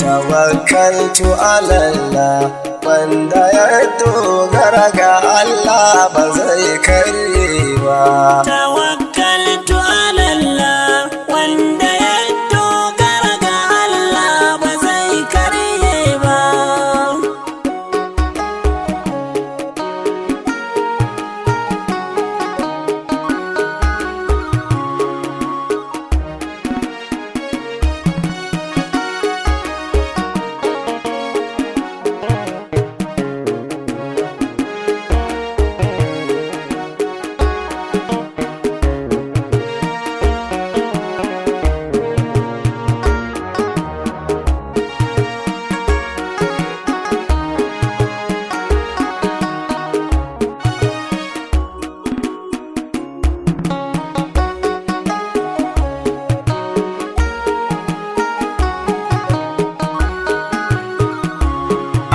tawakkaltu Allah wanda ya dogara ga Allah ba zai karye ba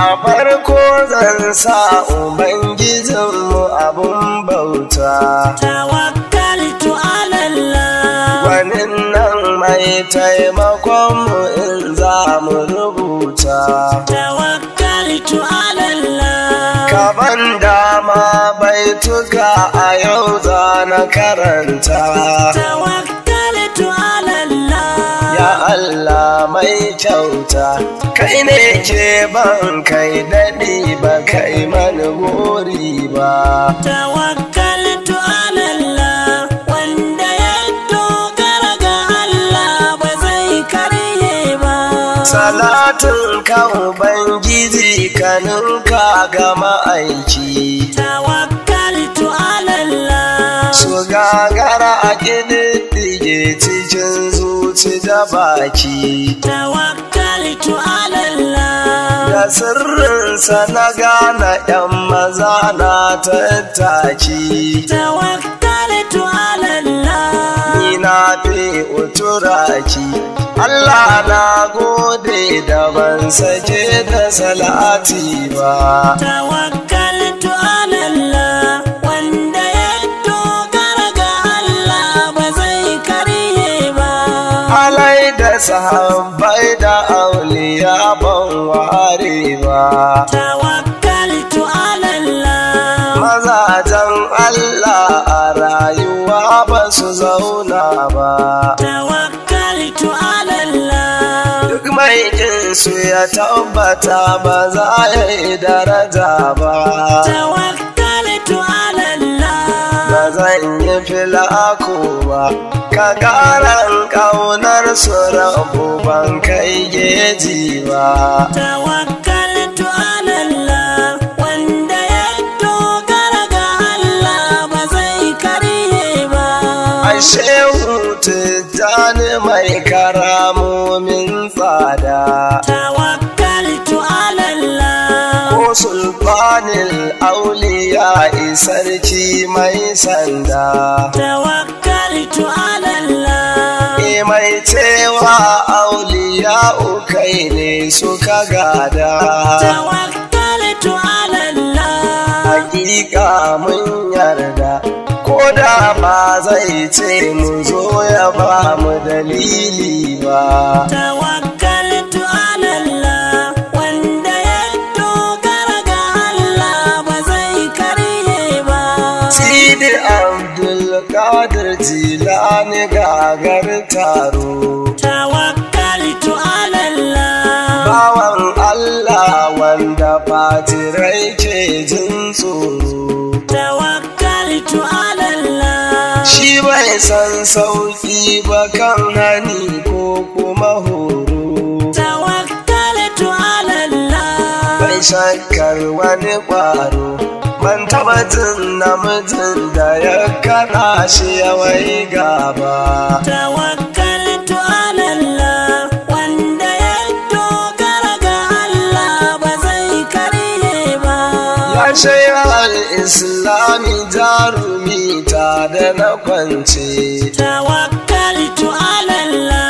a farko zan sa ubangijinmu abin bauta tawakkaltu alallah wanin nan mai taimakonmu in za mu rubuta tawakkaltu alallah kaban dama baituka a yau za na karanta mai kyauta kai ne ban kai daɗi ba kai mani gori ba tawakkaltu alallah wanda ya dogara ga Allah ba zai karye ba salatin ka ubangiji kanin ka ga ma'aiki tawakkaltu alallah su gagara a ƙididdi ke cikin zuci da baki. Tawakkaltu alallah. Da sirrinsa na gane ‘yan maza na tattaki. Tawakkaltu alallah. Ni na fi uturaki. Allah na gode da ban sake da salati ba. Tawakka sahabbai da auliya ban ware ba tawakkaltu ala Allah mazajen Allah a rayuwa ba su zauna ba tawakkaltu ala Allah duk mai su ya tabbata ba za ya yi daraja ba tawakkaltu ala Allah ba zan yi fila ko ba ka ƙaran ƙaunar su rabu ban kai geji ba. Tawakkaltu alallah wanda ya dogara ga Allah ba zai karye ba. Ashe hutu tani mai karamomin tsada. Tawakkaltu alallah. Ko sulfanin auliya sarki mai sanda. Tawakkaltu alallah. mai cewa auliya ukai ne suka gada hakika mun yarda ko da ba zai ce mu zo ya ba mu dalili ba jila ni gagar taro tawakkaltu ala Allah bawan Allah wanda fatirai ke jin tsoro tawakkaltu ala Allah shi bai san sauki ba kan hani ko kuma horo Sankar wani ƙwaro ban taɓa jin namijin da ya kaɗa shi yawai gaba shayar islami jarumi ta da na kwance tawakkaltu alallah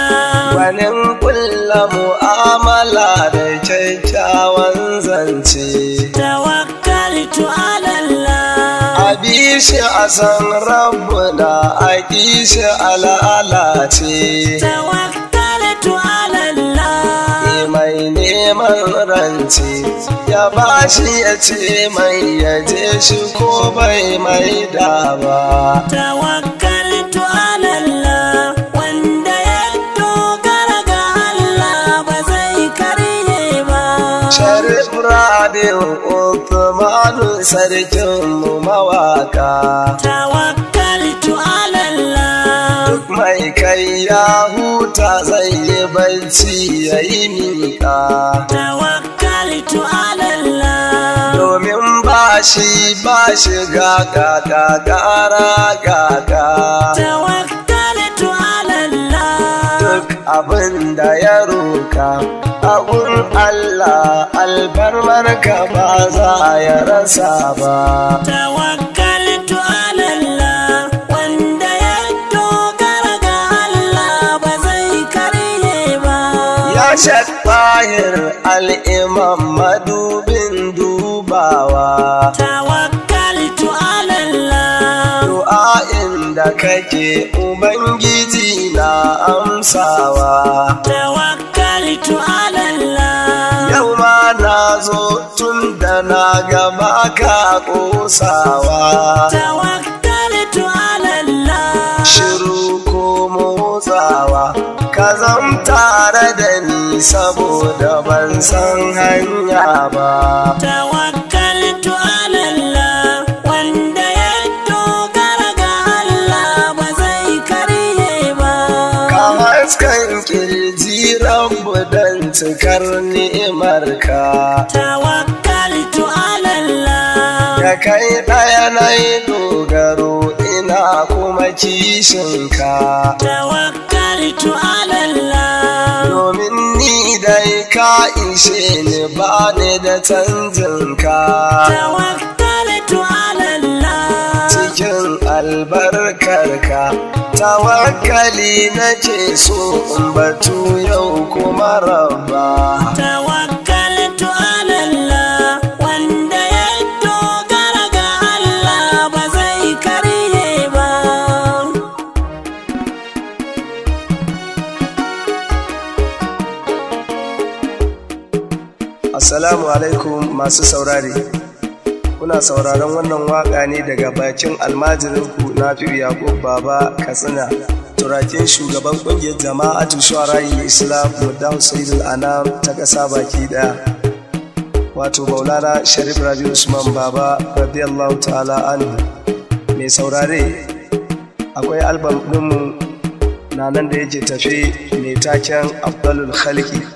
Wani kulla mu'amala da kyakkyawan zance tawakkaltu alallah a shi a san da a ƙi shi a lalace tawakkaltu neman ya bashi ya ce mai yaje shi ko bai mai da ba tawakkaltu alallah wanda ya dogara ga Allah ba zai karye ba sharif rabi'u uthmanu sarkin mu mawaka tawakkaltu mai kai ya huta zai yi barci ya yi miƙa. Tawakkaltu alalla. Domin ba shi ba shiga gara kara kaka. Tawakkaltu Duk abin da ya roka. abun Allah albarmar ka ba za ya rasa ba. Tawakka tahir al'imam madubin dubawa tawakkaltu alallah du'a'in inda kake ubangiji na amsawa tawakkaltu alallah yau ma na zo tun da na gaba ka ƙosawa tawakkaltu alallah shiru ko motsawa ka zam tare da ni saboda ban san hanya ba. Tawakkaltu alallah wanda ya dogara ga Allah ba zai karye ba. Ka haskan kirji rabu don cikar ni'imarka. Tawakkaltu alallah. Ya kai ɗaya na yi kuma kishinka Tawakkali to Allah domin ni dai ka ishe ni ba ni da canjinka Tawakkali to Allah cikin ka. tawakkali nake so in batu yau kuma rabba Assalamu alaikum masu saurare. Kuna sauraron wannan waka ne daga bakin almajirin ku na Yakub Baba Katsina, turakin shugaban ƙungiyar jama'a shawarayi Islam Mudda Hussein Anam ta ƙasa baki ɗaya. Wato Maulana Sharif Rabi Usman Baba radiyallahu ta'ala anhu. Mai saurare, akwai albam ɗinmu na nan da yake tafe mai taken Abdullul Khalki.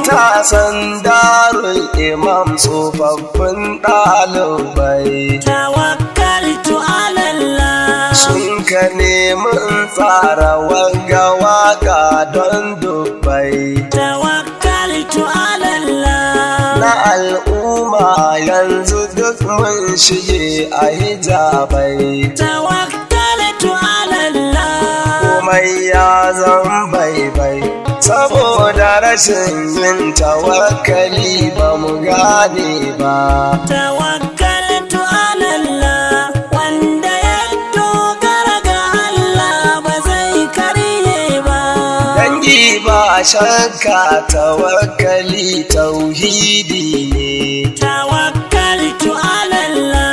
matasan darul imam tsofaffin ɗalibai tawakkaltu alallah sun ka nemi tsara wanga waka don dubbai tawakkaltu alallah na al'umma yanzu duk mun shige a hijabai tawakkaltu alallah komai ya zamba rashin yin tawakkali ba mu gane ba tawakkaltu alallah wanda ya dogara ga Allah ba zai karye ba dangi ba shakka tawakkali tauhidi ne tawakkaltu alallah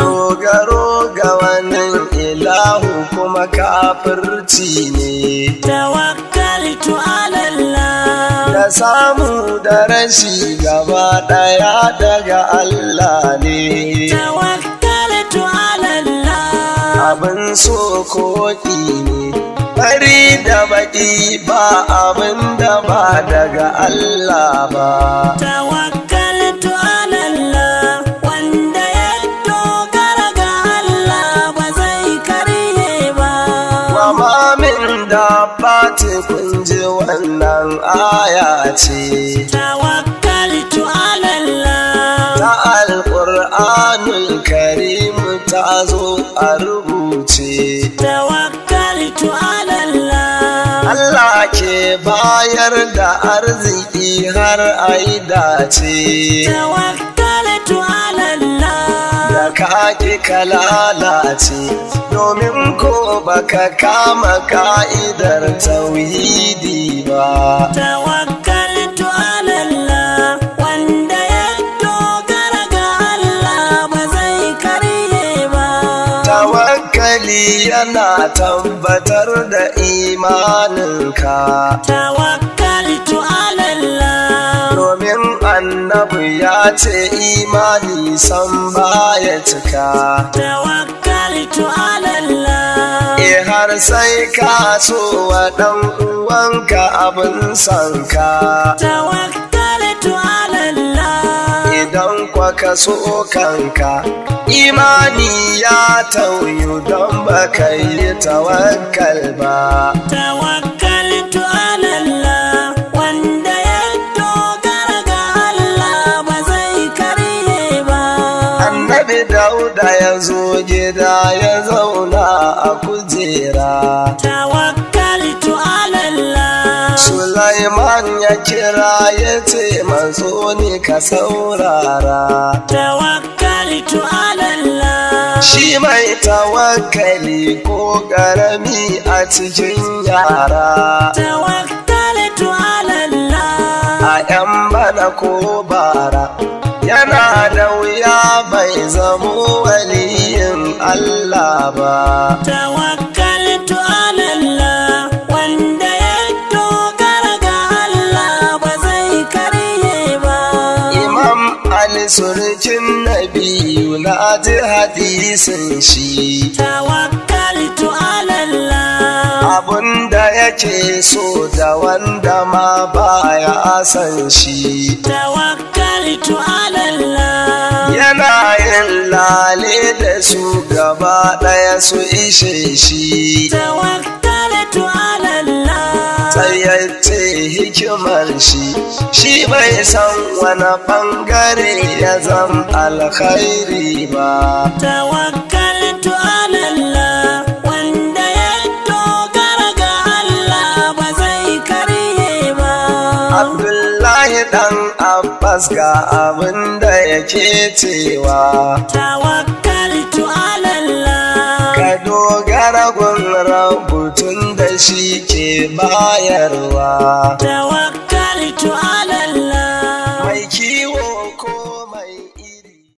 dogaro gawanin wannan ilahu kuma kafirci ne samu darasi gaba daya daga Allah ne. Abin so koki ne, bari da baki ba abin da ba daga Allah ba. kun ji wannan aya ce tawakkaltu ala Allah ta alqur'anul karim ta zo a rubuce tawakkaltu ala Allah Allah ke bayar da arziki har a yi dace tawakkaltu ala ka ki ka lalace domin ko ka kama ka'idar tauhidi ba tawakkaltu ala Allah wanda ya dogara ga Allah ba zai karye ba tawakkali yana tabbatar da imaninka tawakkaltu ala annabi ya ce imani san baya cika tawakkaltu ala Allah eh har sai ka so wa dan uwanka abin sanka tawakkaltu ala Allah idan kwa ka so kanka imani ya tauyu don baka yi tawakkal ba tawakkal ya gida ya zauna a kujera. Tawakkaltu Sulaiman ya kira ya ce manzo ne ka saurara. Tawakkaltu Shi mai tawakkali ko ƙarami a cikin yara. Tawakkaltu A 'yan bana ko bara. yana da wuya bai zamo Allah ba tawakkaltu ala wanda ya dogara ga Allah ba zai karye ba Imam Ali surkin nabiyu na ji hadisin shi Tawakaltu ala Abunda abun da yake so da wanda ma baya san shi tawakkaltu ala Allah yana kayan lale da su gaba ɗaya su ishe shi tawakkaltu tsayyace hikimar shi shi bai san wani ɓangare ya zan alkhairi ba tawakkal tabbas ga abin da yake cewa tawakkaltu alallah ka dogara gun rabutun da shi ke bayarwa tawakkaltu alallah